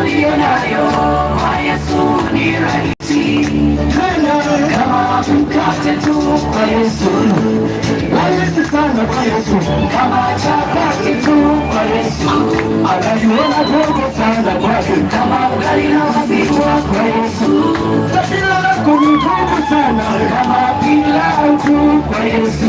ulionayo kwa Yesu ni rahisi, kama mkate tu kwa Yesu, rahisi sana kwa Yesu, kama chapati tu kwa Yesu, analiona dogo sana kwake, kama ugali na maziwa kwa Yesu, tabila lako sana, kama pilau tu kwa Yesu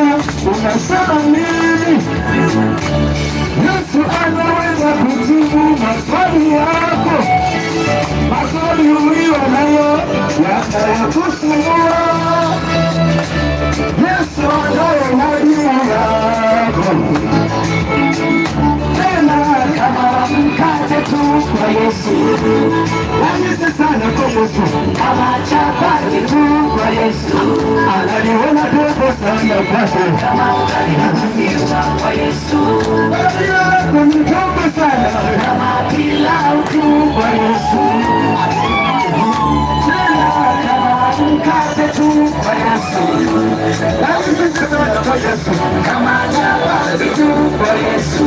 yetu unasema nini? Yesu anaweza kujibu maswali yako, maswali uliyo nayo yanayokusumbua. Yesu anaye majibu yako, tena kama mkate tu kwa Yesu Yesu kama chapati tu kwa Yesu, analiona dogo sana kwako, ni dogo sana kama pilau tu kwa Yesu tukate tu kwa Yesu, kama jabali tu kwa Yesu,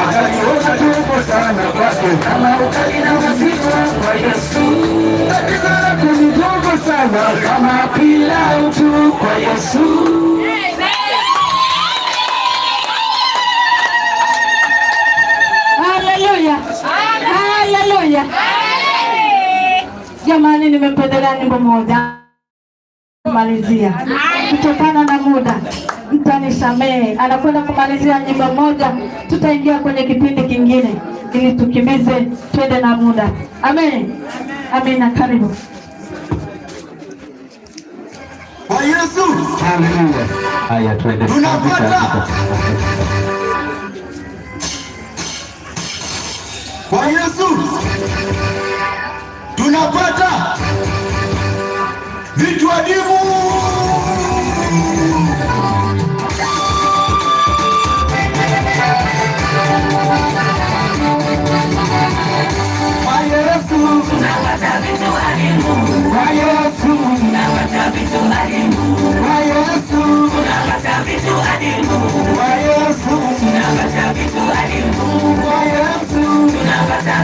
ataliona dogo sana kwako, kama ukali na kwa Yesu, tatizo ni dogo sana kama pilau tu kwa Yesu. Jamani, nimependelea nyimbo moja kumalizia, kutokana na muda mtanisamehe. Anakwenda kumalizia nyimbo moja, tutaingia kwenye kipindi kingine ili tukimize, twende na muda. Amen, amina. Karibu Yesu. Haya, twende kwa Yesu tunapata Vídeo amigo! Why Vai you Tunapata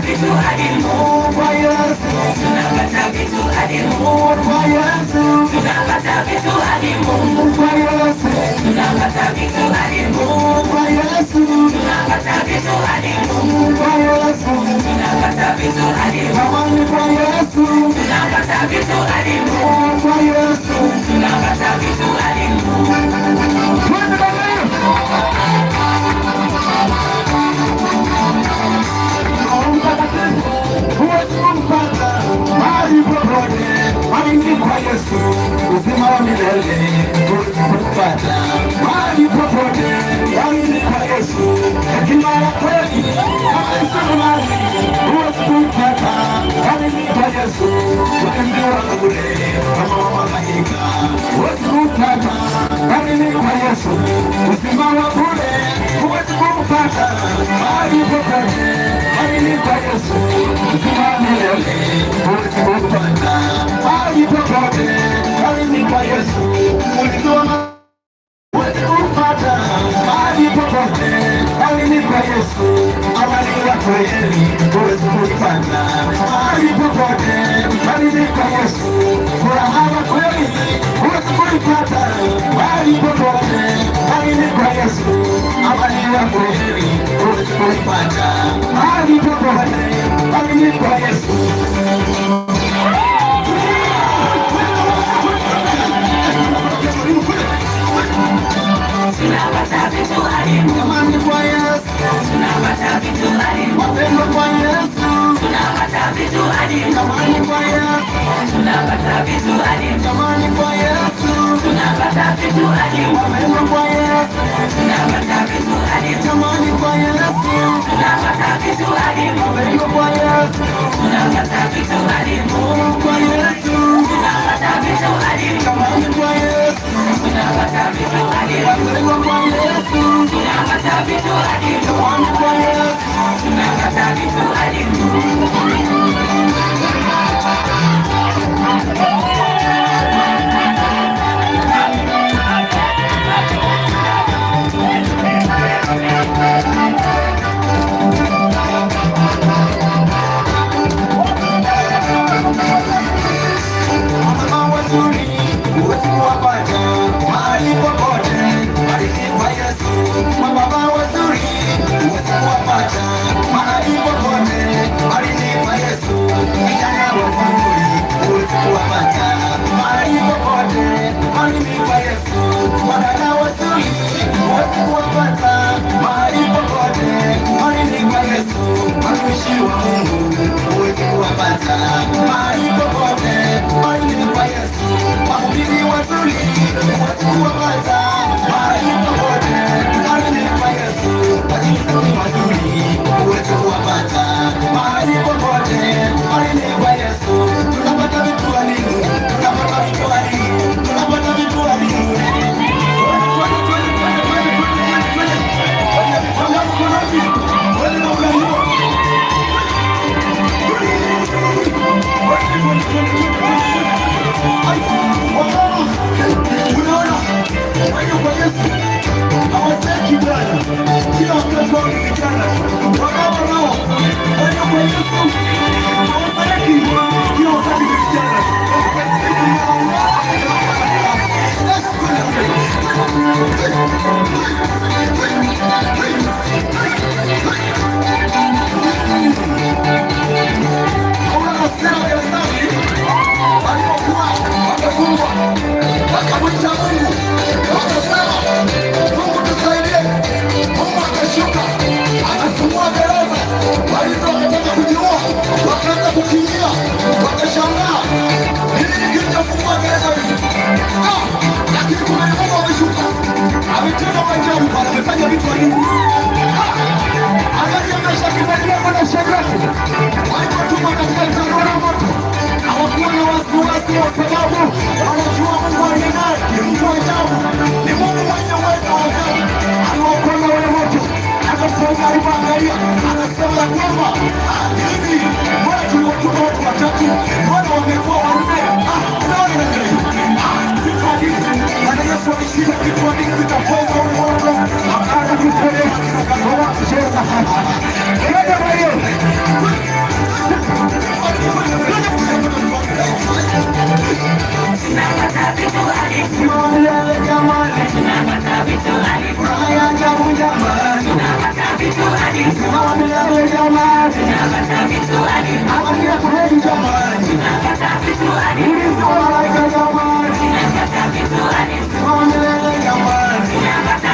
vitu hadi Mungu kuwa milele kupata mahali Yesu, hekima ya kweli tumaini kwa Yesu uliona wezi kupata mahali popote, tumaini kwa Yesu amani ya kweli uwezi kuipata mahali popote, tumaini kwa Yesu furaha ya kweli uwezi kuipata mahali popote, tumaini kwa Yesu amani ya kweli uwezi kuipata mahali popote, tumaini kwa Yesu tunapata vitu ajabu, jamani, kwa Yesu tunapata vitu ajabu, wema kwa Yesu tunapata vitu ajabu, jamani, kwa Yesu tunapata vitu ajabu, wema kwa Yesu tunapata vitu ajabu, kwa Yesu tunapata vitu ajabu, jamani, kwa Yesu tunapata vitu ajabu, wema kwa Yesu tunapata vitu ajabu, jamani, kwa Yesu tunapata kila wakati wao ni vijana wanaonao wanakwa Yesu hawafariki, kila wakati ni vijana alipokuwa wakafungwa wakamwita Mungu wakasema Mungu katika ah, itakalomo hawakuwa na wasiwasi kwa sababu wanajua Mungu aliye naye ni Mungu wa ajabu, ni Mungu mwenye uwezo wa ajabu. Aliwaokoa wale wote, akamsaidia alipoangalia, anasema ya kwamba hivi, mbona tuliwatuma watu watatu, mbona wamekuwa wanne? Bwana Yesu alishinda kitu, hadithi zitapoza Yükseli Dolak Hüseyin Hasan. Nerede bayıl? Yolları Kemal Buraya kamu Kemal Yolları Kemal Amaniyat Hedi Kemal Yürüz olarak Kemal Yolları Kemal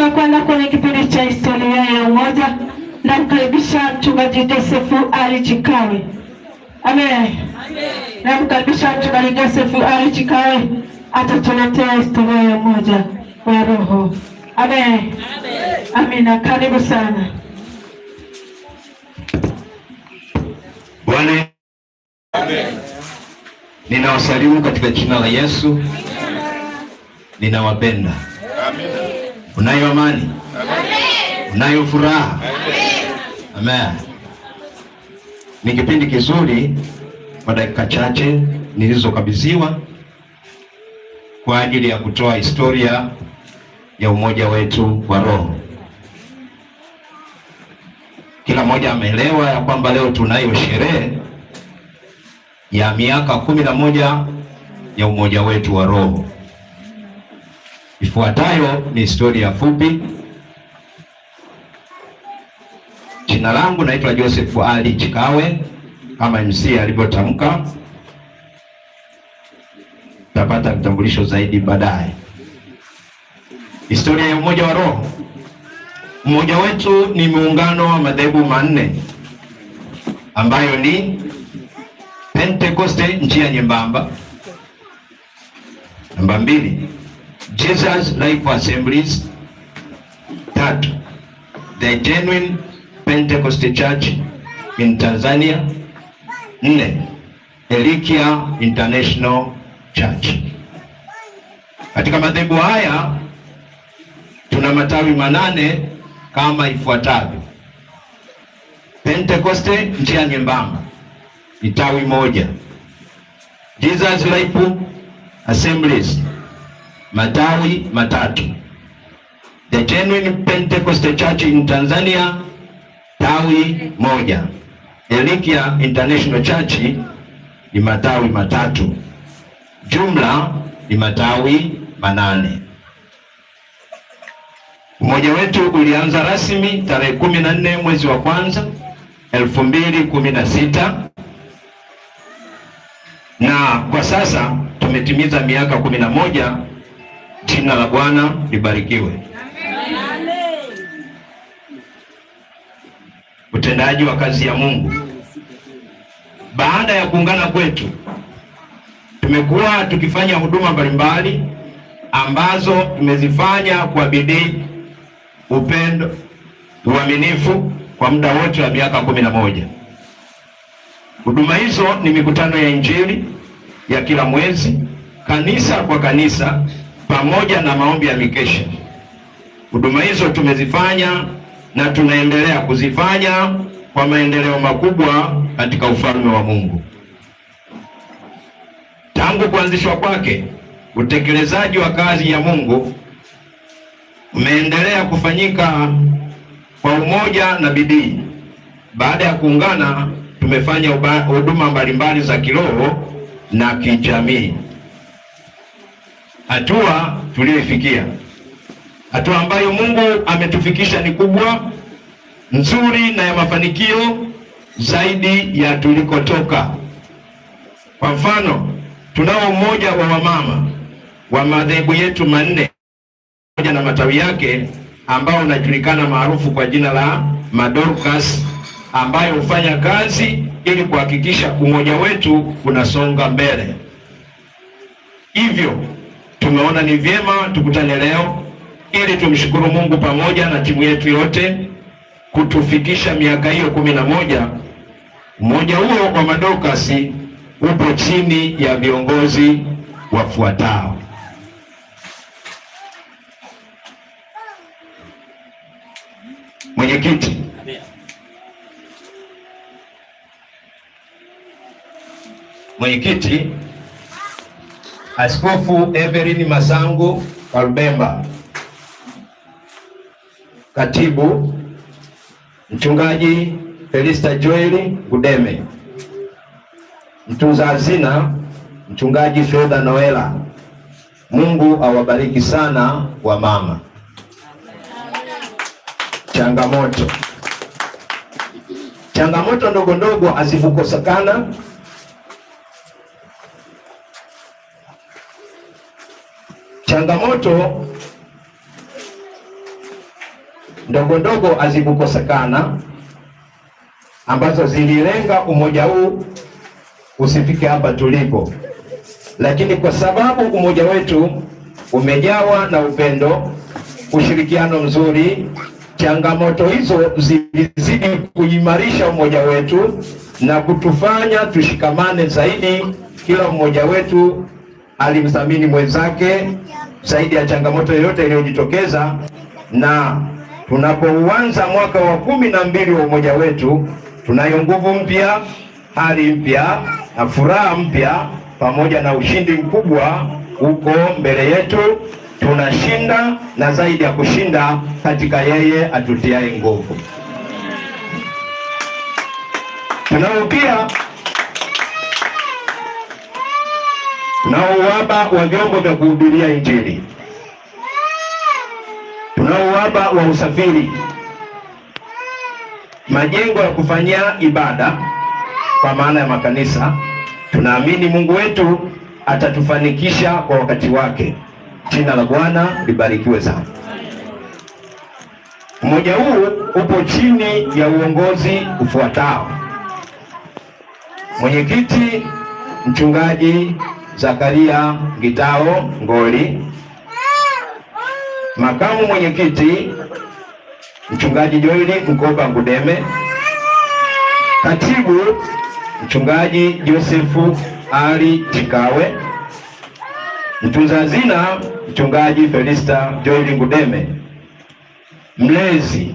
tunakwenda kwenye kipindi cha historia ya umoja na kukaribisha mchungaji Joseph Ali Chikawe. Amen. Na kukaribisha mchungaji Joseph Ali Chikawe atatuletea historia ya umoja wa roho. Amen. Amina, karibu sana. Bwana. Amen. Ninawasalimu katika jina la Yesu. Ninawapenda. Unayo amani? Amen. Unayo furaha? Amen. Amen. Ni kipindi kizuri kwa dakika chache nilizokabidhiwa kwa ajili ya kutoa historia ya umoja wetu wa roho. Kila mmoja ameelewa ya kwamba leo tunayo sherehe ya miaka kumi na moja ya umoja wetu wa roho. Ifuatayo ni historia fupi. Jina langu naitwa Joseph Ali Chikawe, kama MC alivyotamka. Tapata vitambulisho zaidi baadaye. Historia ya umoja wa roho. Mmoja wetu ni muungano wa madhehebu manne ambayo ni Pentekoste, njia nyembamba. Namba mbili Jesus Life Assemblies. Tatu, the genuine pentecost church in Tanzania. Nne, Elikia International Church. Katika madhehebu haya tuna matawi manane kama ifuatavyo: pentecoste njia nyembamba ni tawi moja. Jesus Life Assemblies matawi matatu: The Genuine Pentecostal Church in Tanzania tawi moja, Elikia International Church ni matawi matatu, jumla ni matawi manane. Umoja wetu ulianza rasmi tarehe kumi na nne mwezi wa kwanza elfu mbili kumi na sita na kwa sasa tumetimiza miaka kumi na moja Jina la Bwana libarikiwe. Utendaji wa kazi ya Mungu. Baada ya kuungana kwetu, tumekuwa tukifanya huduma mbalimbali ambazo tumezifanya kwa bidii, upendo, uaminifu kwa muda wote wa miaka kumi na moja. Huduma hizo ni mikutano ya Injili ya kila mwezi, kanisa kwa kanisa pamoja na maombi ya mikesha. Huduma hizo tumezifanya na tunaendelea kuzifanya kwa maendeleo makubwa katika ufalme wa Mungu. Tangu kuanzishwa kwake, utekelezaji wa kazi ya Mungu umeendelea kufanyika kwa umoja na bidii. Baada ya kuungana, tumefanya huduma mbalimbali za kiroho na kijamii hatua tuliyoifikia, hatua ambayo Mungu ametufikisha ni kubwa, nzuri na ya mafanikio zaidi ya tulikotoka. Kwa mfano, tunao mmoja wa wamama wa madhehebu yetu manne pamoja na matawi yake ambao unajulikana maarufu kwa jina la Madorcas ambayo hufanya kazi ili kuhakikisha umoja wetu unasonga mbele hivyo tumeona ni vyema tukutane leo ili tumshukuru Mungu pamoja na timu yetu yote kutufikisha miaka hiyo kumi na moja. Mmoja huo wa madokasi upo chini ya viongozi wafuatao. Mwenyekiti, mwenyekiti Askofu everin Masangu Kalubemba, katibu mchungaji Felista Joeli Gudeme, mtunza hazina mchungaji Fedha Noela. Mungu awabariki sana wa mama. Changamoto changamoto ndogo ndogo hazikukosekana. changamoto ndogo ndogo hazikukosekana ambazo zililenga umoja huu usifike hapa tulipo, lakini kwa sababu umoja wetu umejawa na upendo, ushirikiano mzuri, changamoto hizo zilizidi kuimarisha umoja wetu na kutufanya tushikamane zaidi. Kila mmoja wetu alimthamini mwenzake zaidi ya changamoto yoyote iliyojitokeza, na tunapouanza mwaka wa kumi na mbili wa umoja wetu, tunayo nguvu mpya, hali mpya na furaha mpya, pamoja na ushindi mkubwa uko mbele yetu. Tunashinda na zaidi ya kushinda katika yeye atutiaye nguvu. Tunao pia Tunao uhaba wa vyombo vya kuhubiria Injili, tunao uhaba wa usafiri, majengo ya kufanyia ibada kwa maana ya makanisa. Tunaamini Mungu wetu atatufanikisha kwa wakati wake. Jina la Bwana libarikiwe sana. Mmoja huu upo chini ya uongozi ufuatao: mwenyekiti, mchungaji Zakaria Gitao Ngoli, makamu mwenyekiti mchungaji Joili Mkoba Ngudeme, katibu mchungaji Josefu Ali Chikawe, mtunza hazina mchungaji Felista Joili Ngudeme, mlezi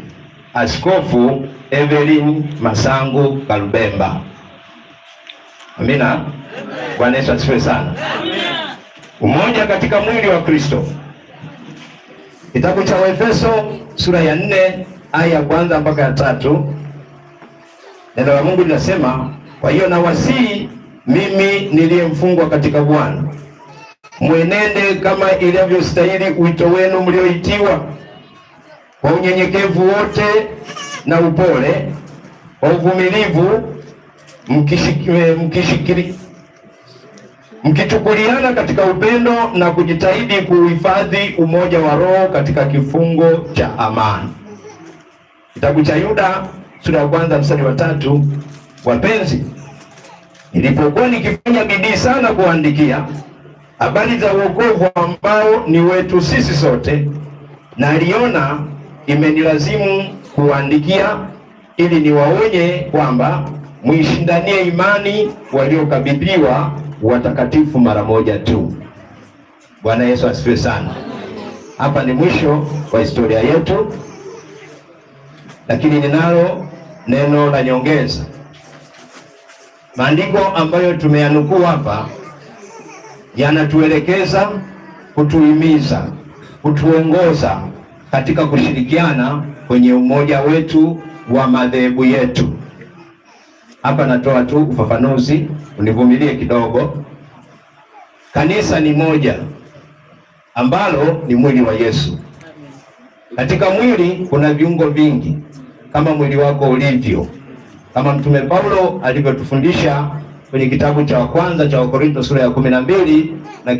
askofu Evelyn Masangu Kalubemba. Amina. Bwana Yesu asifiwe sana. Umoja katika mwili wa Kristo. Kitabu cha Waefeso sura ya nne aya ya kwanza mpaka ya tatu neno la Mungu linasema, kwa hiyo nawasihi mimi niliyemfungwa katika Bwana, mwenende kama ilivyostahili wito wenu mlioitiwa, kwa unyenyekevu wote na upole, kwa uvumilivu mkishikiri mkichukuliana katika upendo na kujitahidi kuhifadhi umoja wa roho katika kifungo cha amani. Kitabu cha Yuda sura ya kwanza mstari wa tatu. Wapenzi, nilipokuwa nikifanya bidii sana kuandikia habari za wokovu ambao ni wetu sisi sote, na aliona imenilazimu kuandikia ili niwaonye kwamba mwishindanie imani waliokabidhiwa watakatifu mara moja tu. Bwana Yesu asifiwe sana. Hapa ni mwisho wa historia yetu, lakini ninalo neno la nyongeza. Maandiko ambayo tumeyanukuu hapa yanatuelekeza, kutuhimiza, kutuongoza katika kushirikiana kwenye umoja wetu wa madhehebu yetu. Hapa natoa tu ufafanuzi, univumilie kidogo. Kanisa ni moja ambalo ni mwili wa Yesu. Katika mwili kuna viungo vingi, kama mwili wako ulivyo, kama Mtume Paulo alivyotufundisha kwenye kitabu cha kwanza cha Wakorinto sura ya kumi na mbili